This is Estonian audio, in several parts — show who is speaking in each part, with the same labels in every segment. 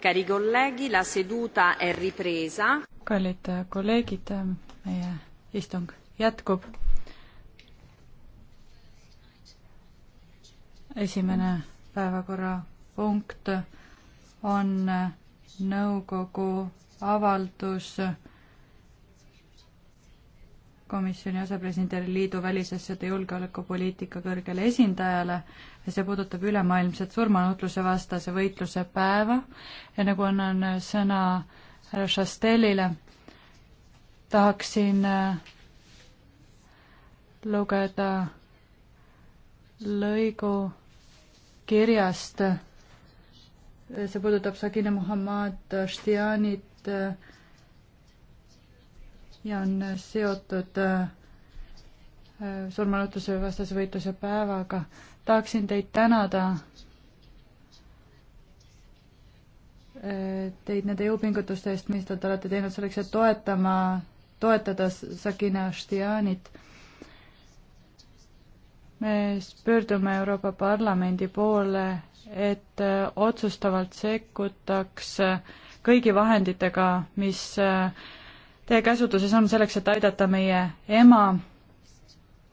Speaker 1: Cari colleghi, la seduta è ripresa.
Speaker 2: kallid kolleegid, meie istung jätkub. esimene päevakorrapunkt on nõukogu avaldus komisjoni asepresidendile liidu välisasjade julgeolekupoliitika kõrgele esindajale ja see puudutab ülemaailmset surmanutluse vastase võitluse päeva. enne nagu kui annan sõna härra Šastelile, tahaksin äh, lugeda lõigu kirjast, see puudutab Sakina Muhamed Ashtianit, äh, ja on seotud äh, surmanutluse vastase võitluse päevaga. tahaksin teid tänada äh, teid nende jõupingutuste eest, mis te olete teinud selleks, et toetama, toetada Sakina Štianit. me pöördume Euroopa Parlamendi poole, et äh, otsustavalt sekkutaks kõigi vahenditega, mis teie käsutuses on selleks, et aidata meie ema,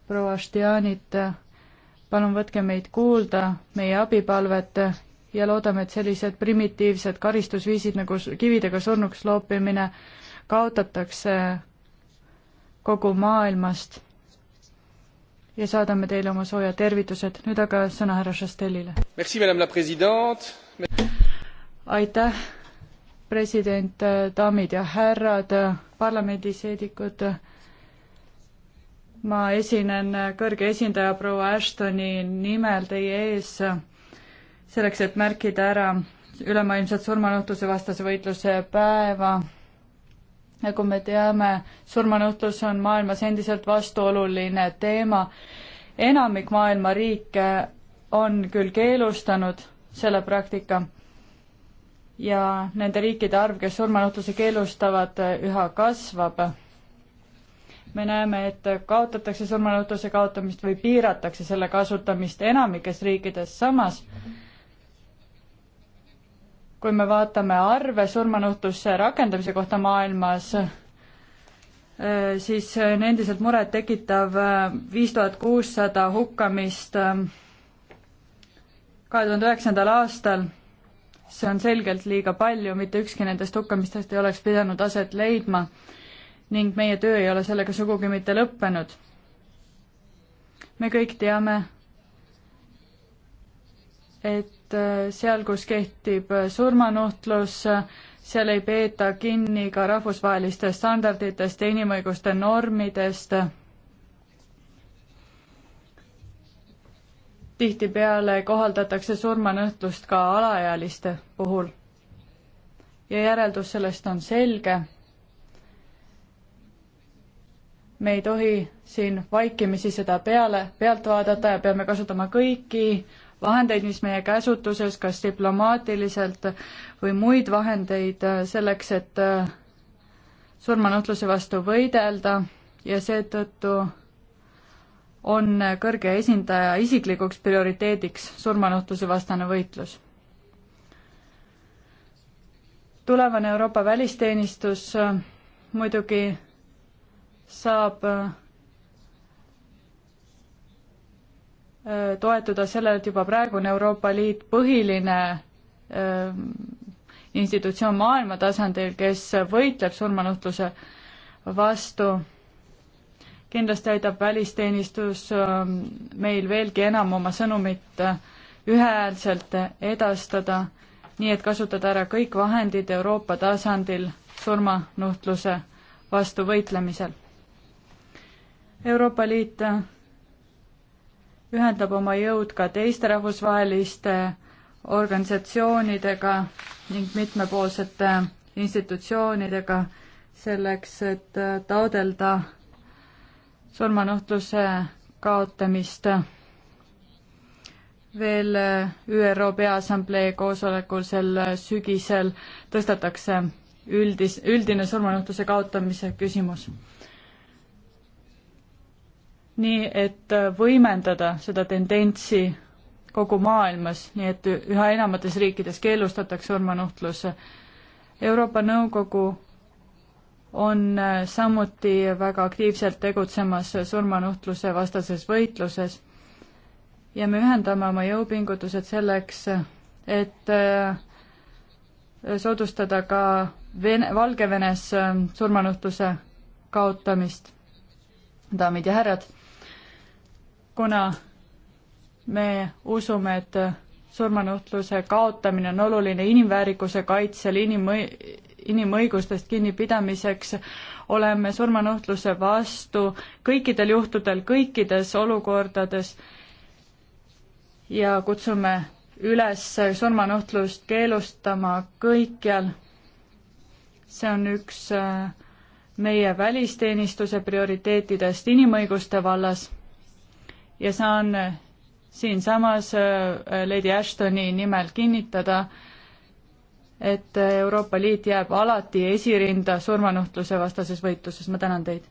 Speaker 2: proua Štjanit. palun võtke meid kuulda, meie abipalvet ja loodame, et sellised primitiivsed karistusviisid nagu kividega surnuks loopimine kaotatakse kogu maailmast. ja saadame teile oma soojad tervitused. nüüd aga sõna härra Šastelile. aitäh president, daamid ja härrad, parlamendiseedikud, ma esinen kõrge esindaja proua Ashtoni nimel teie ees selleks, et märkida ära ülemaailmset surmanuhtluse vastase võitluse päeva. nagu me teame, surmanuhtlus on maailmas endiselt vastuoluline teema. enamik maailma riike on küll keelustanud selle praktika ja nende riikide arv, kes surmanuhtluse keelustavad, üha kasvab. me näeme, et kaotatakse surmanuhtluse kaotamist või piiratakse selle kasutamist enamikes riikides, samas kui me vaatame arve surmanuhtluse rakendamise kohta maailmas, siis on endiselt murettekitav viis tuhat kuussada hukkamist kahe tuhande üheksandal aastal see on selgelt liiga palju, mitte ükski nendest hukkamistest ei oleks pidanud aset leidma ning meie töö ei ole sellega sugugi mitte lõppenud. me kõik teame, et äh, seal, kus kehtib äh, surmanuhtlus, äh, seal ei peeta kinni ka rahvusvahelistest standarditest ja inimõiguste normidest tihtipeale kohaldatakse surmanõhtust ka alaealiste puhul. ja järeldus sellest on selge. me ei tohi siin vaikimisi seda peale, pealt vaadata ja peame kasutama kõiki vahendeid, mis meie käsutuses, kas diplomaatiliselt või muid vahendeid selleks, et surmanuhtluse vastu võidelda ja seetõttu on kõrge esindaja isiklikuks prioriteediks surmanuhtluse vastane võitlus. tulevane Euroopa välisteenistus äh, muidugi saab äh, toetuda sellele, et juba praegu on Euroopa Liit põhiline äh, institutsioon maailma tasandil, kes võitleb surmanuhtluse vastu kindlasti aitab välisteenistus ähm, meil veelgi enam oma sõnumit äh, ühehäälselt edastada, nii et kasutada ära kõik vahendid Euroopa tasandil surmanuhtluse vastu võitlemisel. Euroopa Liit äh, ühendab oma jõud ka teiste rahvusvaheliste organisatsioonidega ning mitmepoolsete institutsioonidega selleks, et äh, taodelda surmanuhtluse kaotamist. veel ÜRO Peaassamblee koosolekul sel sügisel tõstatakse üldis, üldine surmanuhtluse kaotamise küsimus. nii et võimendada seda tendentsi kogu maailmas, nii et üha enamates riikides keelustatakse surmanuhtlus. Euroopa Nõukogu on äh, samuti väga aktiivselt tegutsemas surmanuhtluse vastases võitluses ja me ühendame oma jõupingutused selleks, et äh, soodustada ka Vene, Valgevenes äh, surmanuhtluse kaotamist, daamid ja härrad. kuna me usume, et surmanuhtluse kaotamine on oluline inimväärikuse kaitsel, inimõi-, inimõigustest kinnipidamiseks, oleme surmanuhtluse vastu kõikidel juhtudel, kõikides olukordades ja kutsume üles surmanuhtlust keelustama kõikjal. see on üks äh, meie välisteenistuse prioriteetidest inimõiguste vallas ja saan äh, siinsamas äh, Lady Ashtoni nimel kinnitada, et Euroopa Liit jääb alati esirinda surmanuhtluse vastases võitluses, ma tänan teid.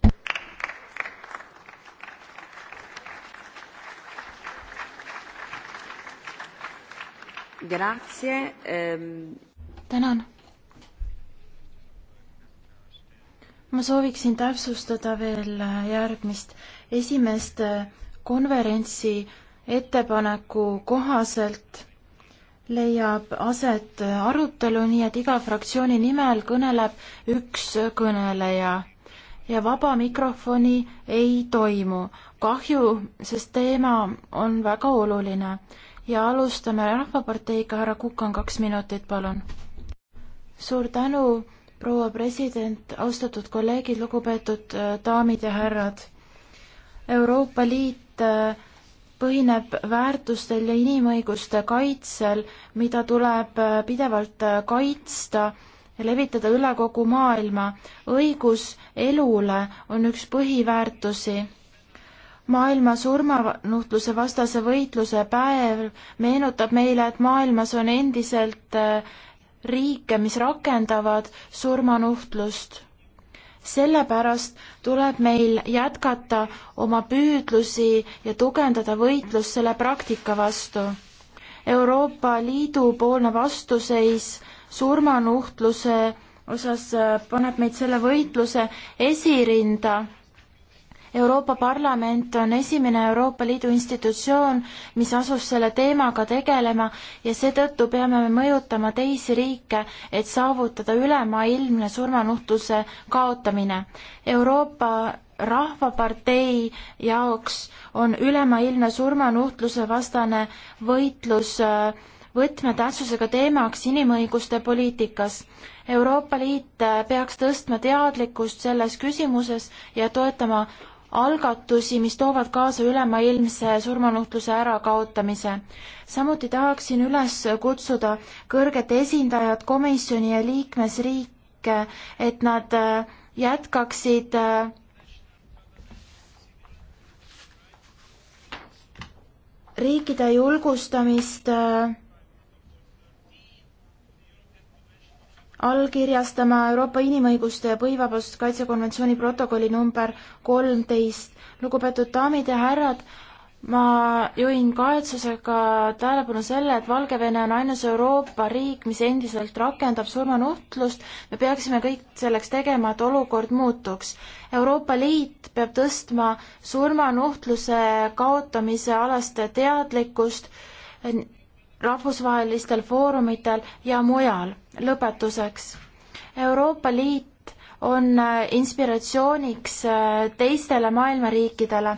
Speaker 1: Ehm. tänan.
Speaker 3: ma sooviksin täpsustada veel järgmist. esimest konverentsi ettepaneku kohaselt leiab aset arutelu, nii et iga fraktsiooni nimel kõneleb üks kõneleja ja vaba mikrofoni ei toimu. kahju, sest teema on väga oluline ja alustame Rahvaparteiga, härra Kukan, kaks minutit, palun. suur tänu, proua president, austatud kolleegid, lugupeetud äh, daamid ja härrad. Euroopa Liit äh, põhineb väärtustel ja inimõiguste kaitsel, mida tuleb äh, pidevalt äh, kaitsta ja levitada üle kogu maailma. õigus elule on üks põhiväärtusi. maailma surmanuhtluse vastase võitluse päev meenutab meile, et maailmas on endiselt äh, riike, mis rakendavad surmanuhtlust sellepärast tuleb meil jätkata oma püüdlusi ja tugevdada võitlust selle praktika vastu. Euroopa Liidu poolne vastuseis surmanuhtluse osas äh, paneb meid selle võitluse esirinda Euroopa Parlament on esimene Euroopa Liidu institutsioon, mis asus selle teemaga tegelema ja seetõttu peame me mõjutama teisi riike, et saavutada ülemaailmne surmanuhtluse kaotamine. Euroopa rahvapartei jaoks on ülemaailmne surmanuhtluse vastane võitlus äh, võtmetähtsusega teemaks inimõiguste poliitikas. Euroopa Liit äh, peaks tõstma teadlikkust selles küsimuses ja toetama algatusi, mis toovad kaasa ülemaailmse surmanuhtluse ärakaotamise. samuti tahaksin üles kutsuda kõrget esindajat, komisjoni ja liikmesriike, et nad äh, jätkaksid äh, riikide julgustamist äh, allkirjastama Euroopa Inimõiguste ja Põhivabaduste Kaitsekonventsiooni protokolli number kolmteist. lugupeetud daamid ja härrad, ma juhin kahetsusega tähelepanu selle, et Valgevene on ainus Euroopa riik, mis endiselt rakendab surmanuhtlust. me peaksime kõik selleks tegema, et olukord muutuks. Euroopa Liit peab tõstma surmanuhtluse kaotamise alast teadlikkust rahvusvahelistel foorumitel ja mujal. lõpetuseks, Euroopa Liit on äh, inspiratsiooniks äh, teistele maailma riikidele.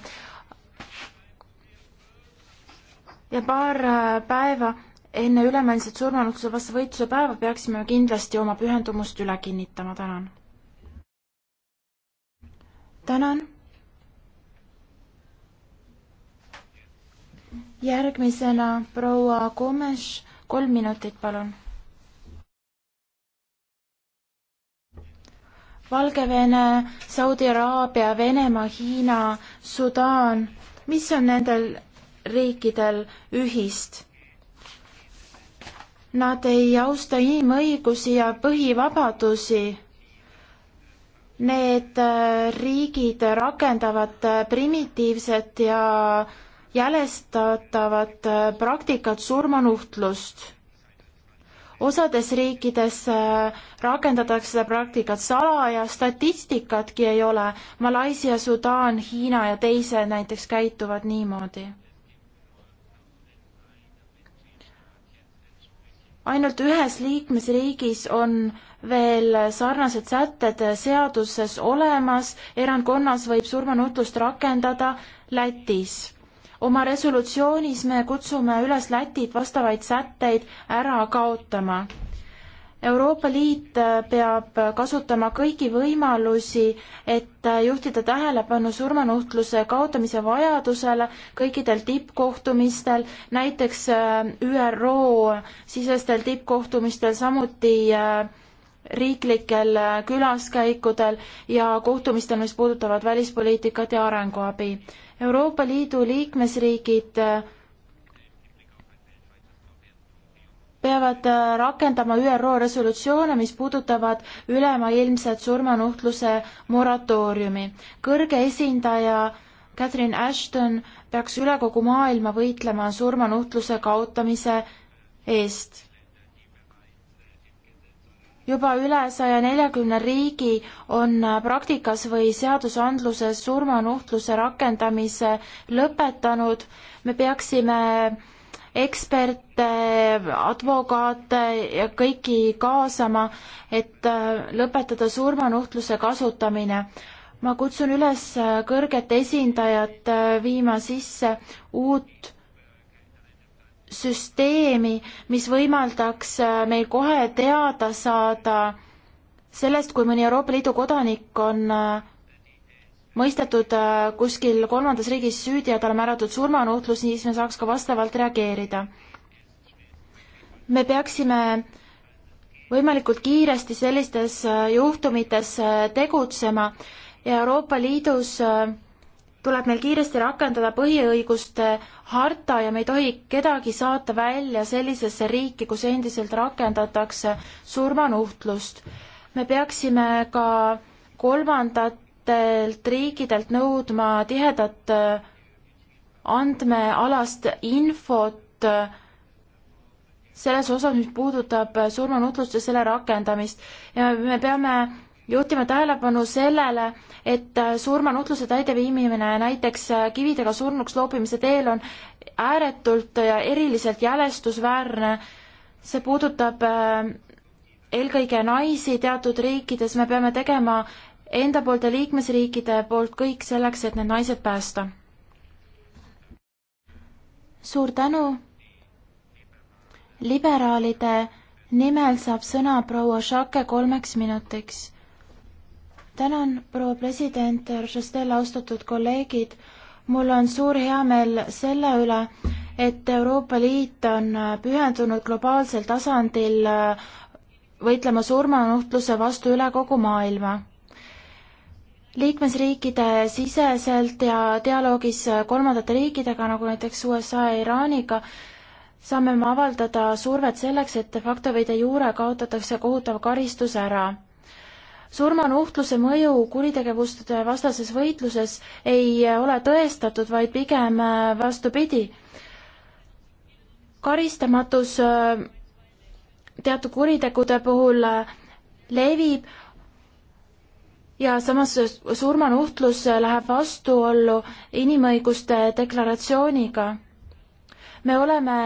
Speaker 3: ja paar äh, päeva enne ülemaailmset surmanutluse vastu võitluse päeva peaksime kindlasti oma pühendumust üle kinnitama, tänan. tänan järgmisena proua Komes, kolm minutit, palun. Valgevene, Saudi Araabia, Venemaa, Hiina, Sudaan, mis on nendel riikidel ühist? Nad ei austa inimõigusi ja põhivabadusi need äh, riigid rakendavad äh, primitiivset ja jälestatavat äh, praktikat surmanuhtlust. osades riikides äh, rakendatakse seda praktikat salaja, statistikatki ei ole. Malaisia, Sudaan, Hiina ja teised näiteks käituvad niimoodi. ainult ühes liikmesriigis on veel sarnased sätted seaduses olemas, erandkonnas võib surmanutlust rakendada Lätis oma resolutsioonis me kutsume üles Lätit vastavaid sätteid ära kaotama. Euroopa Liit äh, peab kasutama kõiki võimalusi, et äh, juhtida tähelepanu surmanuhtluse kaotamise vajadusele kõikidel tippkohtumistel, näiteks äh, ÜRO sisestel tippkohtumistel, samuti riiklikel külaskäikudel ja kohtumistel, mis puudutavad välispoliitikat ja arenguabi Euroopa Liidu liikmesriigid äh, peavad äh, rakendama ÜRO resolutsioone, mis puudutavad ülemaailmset surmanuhtluse moratooriumi. kõrge esindaja Catherine Ashton peaks üle kogu maailma võitlema surmanuhtluse kaotamise eest juba üle saja neljakümne riigi on äh, praktikas või seadusandluses surmanuhtluse rakendamise lõpetanud. me peaksime eksperte, advokaate ja kõiki kaasama, et äh, lõpetada surmanuhtluse kasutamine. ma kutsun üles äh, kõrget esindajat viima sisse uut süsteemi, mis võimaldaks äh, meil kohe teada saada sellest, kui mõni Euroopa Liidu kodanik on äh, mõistetud äh, kuskil kolmandas riigis süüdi ja talle määratud surmanuhtlus, siis me saaks ka vastavalt reageerida. me peaksime võimalikult kiiresti sellistes juhtumites tegutsema ja Euroopa Liidus äh, tuleb meil kiiresti rakendada põhiõiguste harta ja me ei tohi kedagi saata välja sellisesse riiki, kus endiselt rakendatakse surmanuhtlust. me peaksime ka kolmandatelt riikidelt nõudma tihedat äh, andmealast infot äh, selles osas, mis puudutab äh, surmanutlust ja selle rakendamist ja me peame juhtima tähelepanu sellele, et surmanutluse täideviimine näiteks kividega surnuks loopimise teel on ääretult ja eriliselt jälestusväärne. see puudutab äh, eelkõige naisi teatud riikides, me peame tegema enda poolt ja liikmesriikide poolt kõik selleks, et need naised päästa. suur tänu. liberaalide nimel saab sõna proua Šake kolmeks minutiks tänan, proua president, austatud kolleegid. mul on suur heameel selle üle, et Euroopa Liit on pühendunud globaalsel tasandil võitlema surmanuhtluse vastu üle kogu maailma liikmesriikide siseselt ja dialoogis kolmandate riikidega, nagu näiteks USA ja Iraaniga, saame me avaldada survet selleks, et de facto või de jure kaotatakse kohutav karistus ära surmanuhtluse mõju kuritegevuste vastases võitluses ei ole tõestatud, vaid pigem äh, vastupidi. karistamatus äh, teatud kuritegude puhul äh, levib ja samas surmanuhtlus läheb vastuollu inimõiguste deklaratsiooniga. me oleme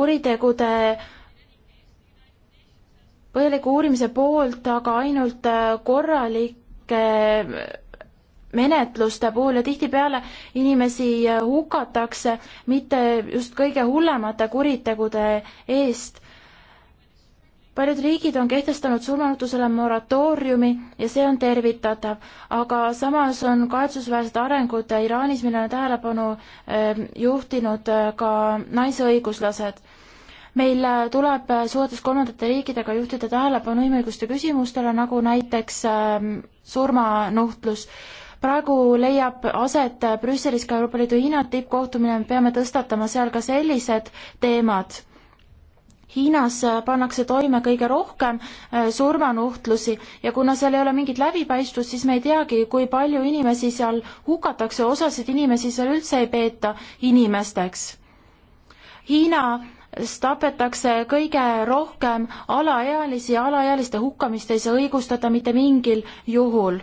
Speaker 3: kuritegude põhjaliku uurimise poolt, aga ainult äh, korralike menetluste puhul ja tihtipeale inimesi äh, hukatakse mitte just kõige hullemate kuritegude eest. paljud riigid on kehtestanud surmanutusele moratooriumi ja see on tervitatav, aga samas on kahetsusväärsed arengud Iraanis, millele tähelepanu äh, juhtinud ka naisõiguslased meil äh, tuleb äh, suhetes kolmandate riikidega juhtida tähelepanu inimõiguste küsimustele, nagu näiteks ähm, surmanuhtlus. praegu leiab aset äh, Brüsselis ka Euroopa Liidu Hiina tippkohtumine, me peame tõstatama seal ka sellised teemad Hiinas pannakse toime kõige rohkem surmanuhtlusi ja kuna seal ei ole mingit läbipaistvust, siis me ei teagi, kui palju inimesi seal hukatakse, osasid inimesi seal üldse ei peeta inimesteks. Hiina tapetakse kõige rohkem alaealisi ja alaealiste hukkamist ei saa õigustada mitte mingil juhul.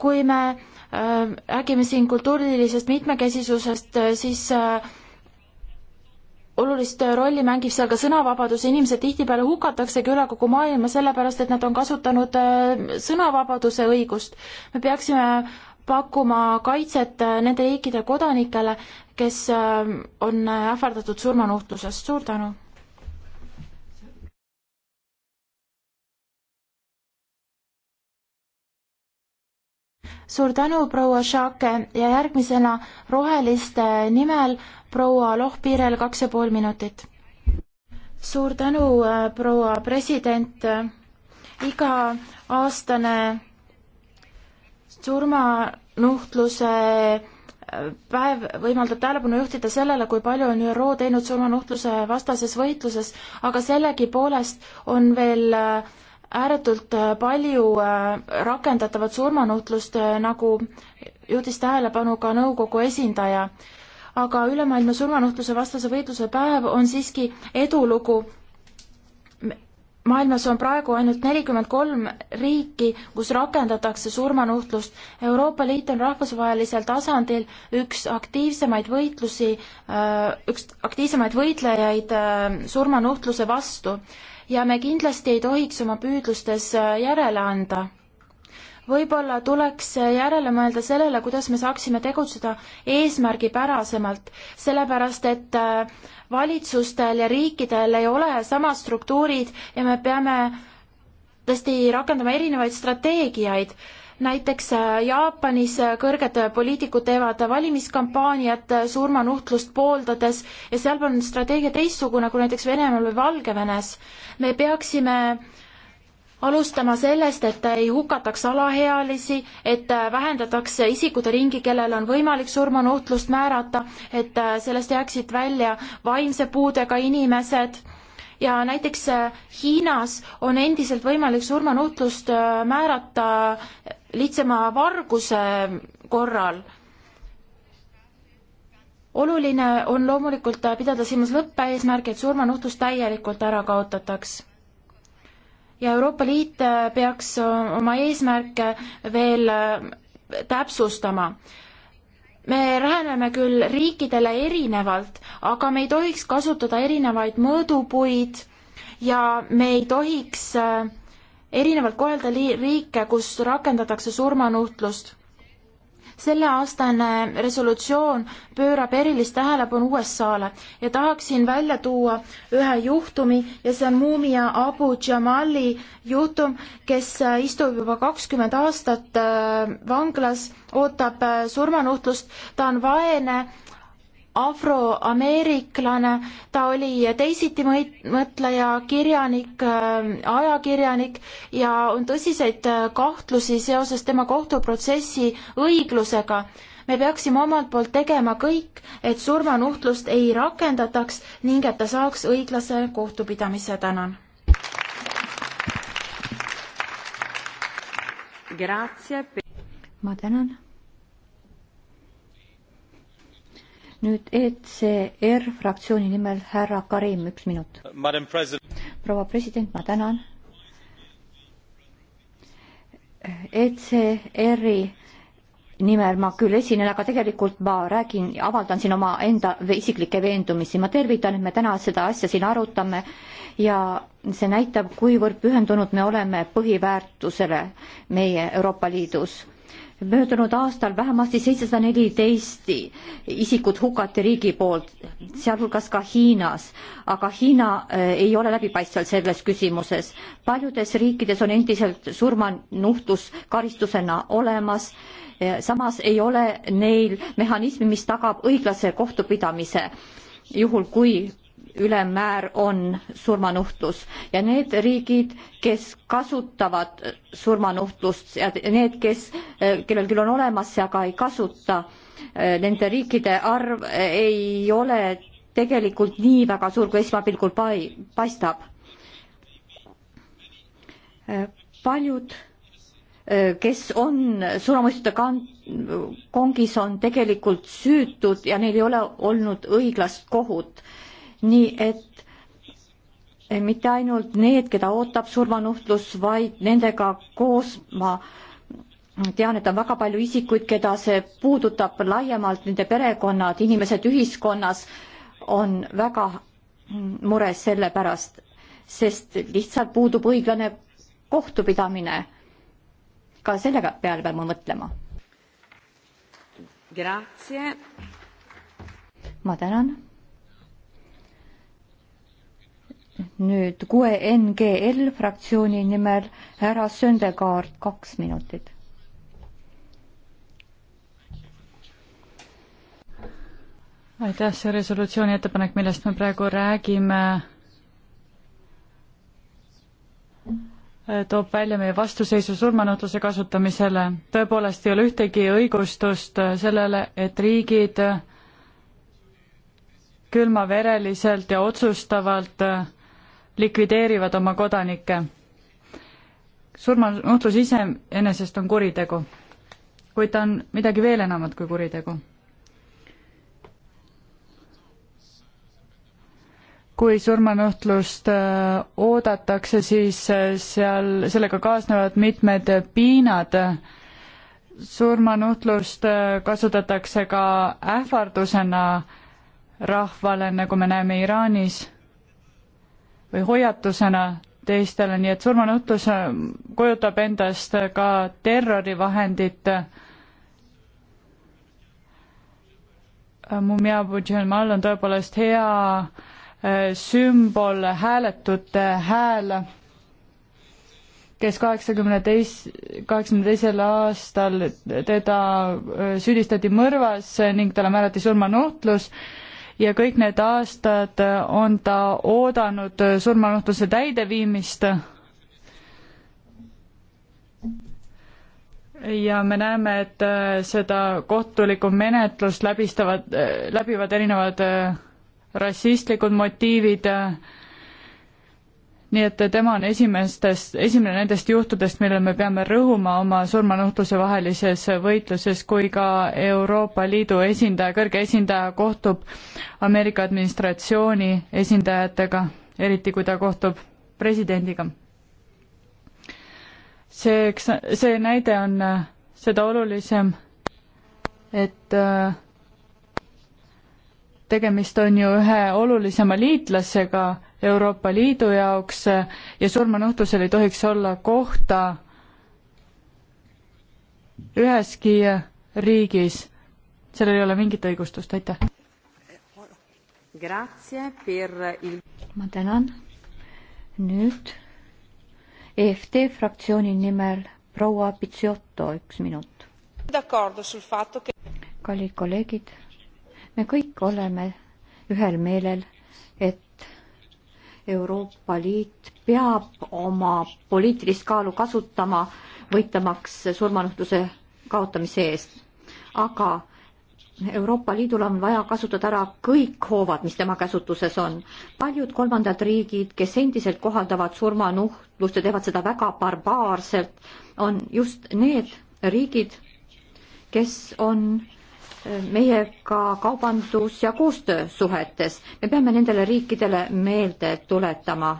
Speaker 3: kui me äh, räägime siin kultuurilisest mitmekesisusest, äh, siis äh, olulist rolli mängib seal ka sõnavabadus, inimesed tihtipeale hukataksegi üle kogu maailma sellepärast, et nad on kasutanud äh, sõnavabaduse õigust. me peaksime pakkuma kaitset äh, nende riikide kodanikele, kes äh, on äh, ähvardatud surmanuhtlusest, suur tänu! suur tänu, proua Šake ja järgmisena Roheliste nimel proua Lohpiirel kaks ja pool minutit. suur tänu, proua president. iga-aastane surmanuhtluse äh, päev võimaldab tähelepanu juhtida sellele, kui palju on ÜRO teinud surmanuhtluse vastases võitluses, aga sellegipoolest on veel äh, ääretult äh, palju rakendatavat surmanuhtlust, nagu juhtis tähelepanu ka nõukogu esindaja. aga ülemaailmne surmanuhtluse vastase võitluse päev on siiski edulugu maailmas on praegu ainult nelikümmend kolm riiki, kus rakendatakse surmanuhtlust. Euroopa Liit on rahvusvahelisel tasandil üks aktiivsemaid võitlusi, äh, üks aktiivsemaid võitlejaid äh, surmanuhtluse vastu ja me kindlasti ei tohiks oma püüdlustes äh, järele anda võib-olla tuleks järele mõelda sellele, kuidas me saaksime tegutseda eesmärgipärasemalt, sellepärast et äh, valitsustel ja riikidel ei ole samad struktuurid ja me peame tõesti rakendama erinevaid strateegiaid näiteks äh, Jaapanis äh, kõrged poliitikud teevad valimiskampaaniat surmanuhtlust pooldades ja seal on strateegia teistsugune kui näiteks Venemaal või Valgevenes. me peaksime alustama sellest, et ei hukataks alaealisi, et äh, vähendatakse isikute ringi, kellel on võimalik surmanuhtlust määrata, et äh, sellest jääksid välja vaimse puudega inimesed ja näiteks äh, Hiinas on endiselt võimalik surmanuhtlust määrata lihtsama varguse korral. oluline on loomulikult pidada silmas lõppeesmärki, et surmanuhtlus täielikult ära kaotataks ja Euroopa Liit äh, peaks äh, oma eesmärke veel äh, täpsustama. me läheneme küll riikidele erinevalt, aga me ei tohiks kasutada erinevaid mõõdupuid ja me ei tohiks erinevalt kohelda riike, kus rakendatakse surmanuhtlust selleaastane resolutsioon pöörab erilist tähelepanu USA-le ja tahaksin välja tuua ühe juhtumi ja see on muumia Abu Jamali juhtum, kes äh, istub juba kakskümmend aastat äh, vanglas, ootab äh, surmanuhtlust, ta on vaene afroameeriklane, ta oli teisitimõtleja, kirjanik, äh, ajakirjanik ja on tõsiseid äh, kahtlusi seoses tema kohtuprotsessi õiglusega me peaksime omalt poolt tegema kõik, et surmanuhtlust ei rakendataks ning et ta saaks õiglase kohtupidamise, tänan. ma tänan
Speaker 1: nüüd ECR fraktsiooni nimel härra Karim, üks minut. proua president, ma tänan. ECR-i nimel ma küll esinen, aga tegelikult ma räägin, avaldan siin omaenda isiklikke veendumisi. ma tervitan, et me täna seda asja siin arutame ja see näitab, kuivõrd pühendunud me oleme põhiväärtusele meie Euroopa Liidus möödunud aastal vähemasti seitsesada neliteist isikut hukati riigi poolt, sealhulgas ka Hiinas, aga Hiina eh, ei ole läbipaistval selles küsimuses. paljudes riikides on endiselt surmanuhtlus karistusena olemas, eh, samas ei ole neil mehhanismi, mis tagab õiglase kohtupidamise juhul, kui ülemmäär on surmanuhtlus ja need riigid, kes kasutavad surmanuhtlust ja need, kes, eh, kellel küll on olemas see, aga ei kasuta, eh, nende riikide arv eh, ei ole tegelikult nii väga suur, kui esmapilgul pai-, paistab. paljud, kes on surmamõistute kan-, kongis, on tegelikult süütud ja neil ei ole olnud õiglast kohut nii et mitte ainult need, keda ootab surmanuhtlus, vaid nendega koos ma tean, et on väga palju isikuid, keda see puudutab laiemalt, nende perekonnad, inimesed ühiskonnas on väga mures selle pärast, sest lihtsalt puudub õiglane kohtupidamine. ka selle peale peame mõtlema. ma tänan nüüd kuue NGL fraktsiooni nimel härra Söndekaart, kaks minutit.
Speaker 2: aitäh, see resolutsiooni ettepanek, millest me praegu räägime, toob välja meie vastuseisu surmanutluse kasutamisele. tõepoolest ei ole ühtegi õigustust sellele, et riigid külmavereliselt ja otsustavalt äh, likvideerivad oma kodanikke. surmanuhtlus iseenesest on kuritegu, kuid ta on midagi veel enamat kui kuritegu. kui surmanuhtlust äh, oodatakse, siis äh, seal, sellega kaasnevad mitmed piinad surmanuhtlust äh, kasutatakse ka ähvardusena rahvale, nagu me näeme Iraanis või hoiatusena teistele, nii et surmanuhtlus kujutab endast ka terrorivahendit. Mumia Bujelmal on tõepoolest hea eh, sümbol, hääletute hääl, kes kaheksakümne teis-, kaheksakümne teisel aastal teda eh, süüdistati mõrvas ning talle määrati surmanuhtlus ja kõik need aastad on ta oodanud surmanuhtluse täideviimist. ja me näeme, et äh, seda kohtulikku menetlust läbistavad, äh, läbivad erinevad äh, rassistlikud motiivid nii et tema on esimestest, esimene nendest juhtudest, millele me peame rõhuma oma surmanuhtluse vahelises võitluses, kui ka Euroopa Liidu esindaja, kõrge esindaja kohtub Ameerika administratsiooni esindajatega, eriti kui ta kohtub presidendiga. see, eks see näide on äh, seda olulisem, et äh, tegemist on ju ühe olulisema liitlasega Euroopa Liidu jaoks ja surmanuhtlusel ei tohiks olla kohta üheski riigis. sellel ei ole mingit õigustust, aitäh. ma tänan. nüüd
Speaker 1: EFT fraktsiooni nimel proua Pitsiotto, üks minut. kallid kolleegid, me kõik oleme ühel meelel, et Euroopa Liit peab oma poliitilist kaalu kasutama, võitlemaks surmanuhtluse kaotamise eest. aga Euroopa Liidul on vaja kasutada ära kõik hoovad, mis tema käsutuses on. paljud kolmandad riigid, kes endiselt kohaldavad surmanuhtlust ja teevad seda väga barbaarselt, on just need riigid, kes on meiega ka kaubandus- ja koostöösuhetes. me peame nendele riikidele meelde tuletama,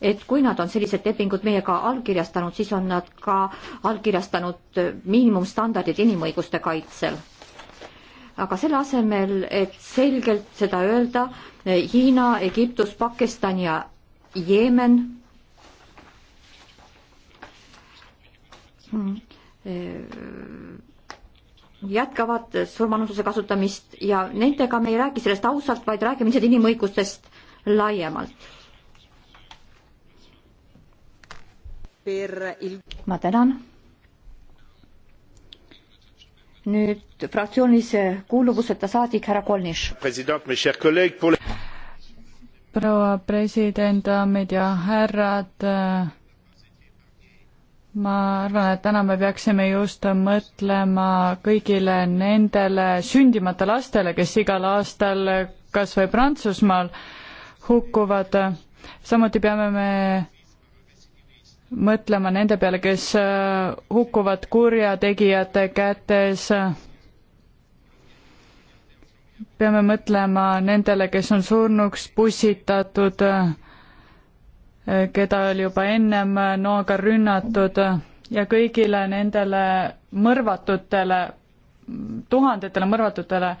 Speaker 1: et kui nad on sellised lepingud meiega allkirjastanud, siis on nad ka allkirjastanud miinimumstandardid inimõiguste kaitsel. aga selle asemel, et selgelt seda öelda, Hiina, Egiptus, Pakistan ja Jeemen hmm. E jätkavad surmanususe kasutamist ja nendega me ei räägi sellest ausalt, vaid räägime lihtsalt inimõigustest laiemalt. ma tänan.
Speaker 2: nüüd fraktsioonilise kuuluvuseta saadik härra Kolnis. proua president, daamid ja härrad ma arvan, et täna me peaksime just mõtlema kõigile nendele sündimata lastele, kes igal aastal kas või Prantsusmaal hukkuvad. samuti peame me mõtlema nende peale, kes äh, hukkuvad kurjategijate kätes. peame mõtlema nendele, kes on surnuks pussitatud keda oli juba ennem noaga rünnatud ja kõigile nendele mõrvatutele, tuhandetele mõrvatutele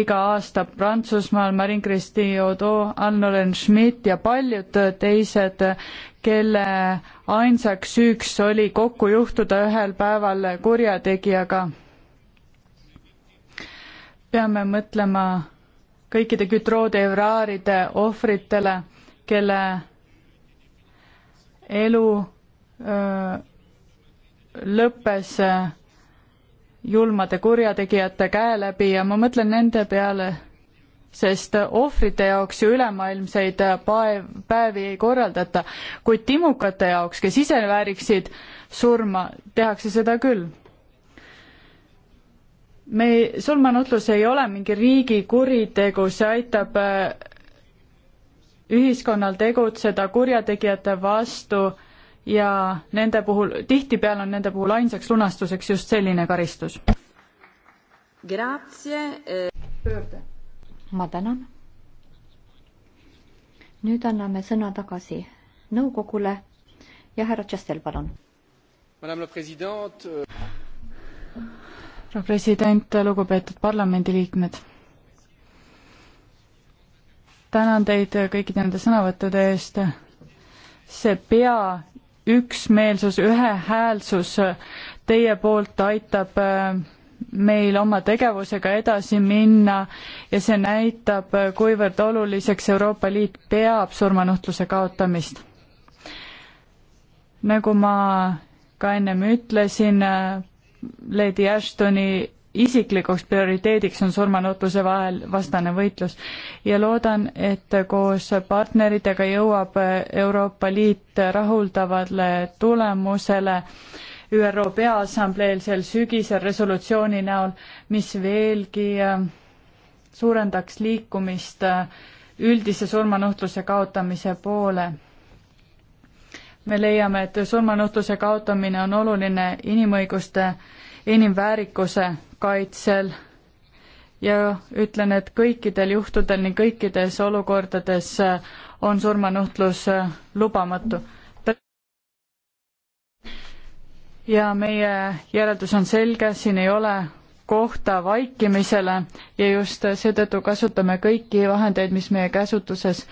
Speaker 2: iga aasta Prantsusmaal Marin Christie Odo, Annolen Schmidt ja paljud teised, kelle ainsaks süüks oli kokku juhtuda ühel päeval kurjategijaga. peame mõtlema kõikide Gütroode Evraaride ohvritele, kelle elu öö, lõppes julmade kurjategijate käe läbi ja ma mõtlen nende peale, sest ohvrite jaoks ju ülemaailmseid paev, päevi ei korraldata, kuid timukate jaoks, kes ise vääriksid surma, tehakse seda küll. me, surmanutlus ei ole mingi riigi kuritegu, see aitab ühiskonnal tegutseda kurjategijate vastu ja nende puhul, tihtipeale on nende puhul ainsaks lunastuseks just selline karistus.
Speaker 1: Eh. pöörde. ma tänan. nüüd anname sõna tagasi nõukogule ja härra
Speaker 2: Tšestel, palun. Euh. härra president, lugupeetud parlamendiliikmed tänan teid kõikide nende sõnavõttude eest. see pea üksmeelsus, ühehäälsus teie poolt aitab äh, meil oma tegevusega edasi minna ja see näitab, kuivõrd oluliseks Euroopa Liit peab surmanuhtluse kaotamist. nagu ma ka ennem ütlesin, äh, Lady Ashtoni isiklikuks prioriteediks on surmanutluse vahel vastane võitlus ja loodan, et koos partneritega jõuab Euroopa Liit rahuldavale tulemusele ÜRO Peaassambleel sel sügisel resolutsiooni näol, mis veelgi äh, suurendaks liikumist äh, üldise surmanuhtluse kaotamise poole me leiame, et surmanuhtluse kaotamine on oluline inimõiguste inimväärikuse kaitsel ja ütlen, et kõikidel juhtudel ning kõikides olukordades äh, on surmanuhtlus äh, lubamatu. ja meie järeldus on selge, siin ei ole kohta vaikimisele ja just seetõttu kasutame kõiki vahendeid, mis meie käsutuses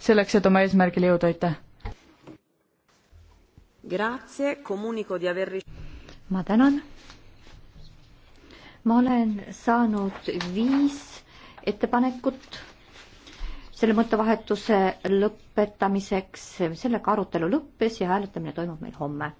Speaker 2: selleks, et oma eesmärgile jõuda, aitäh! ma tänan
Speaker 1: ma olen saanud viis ettepanekut selle mõttevahetuse lõpetamiseks. sellega arutelu lõppes ja hääletamine toimub meil homme.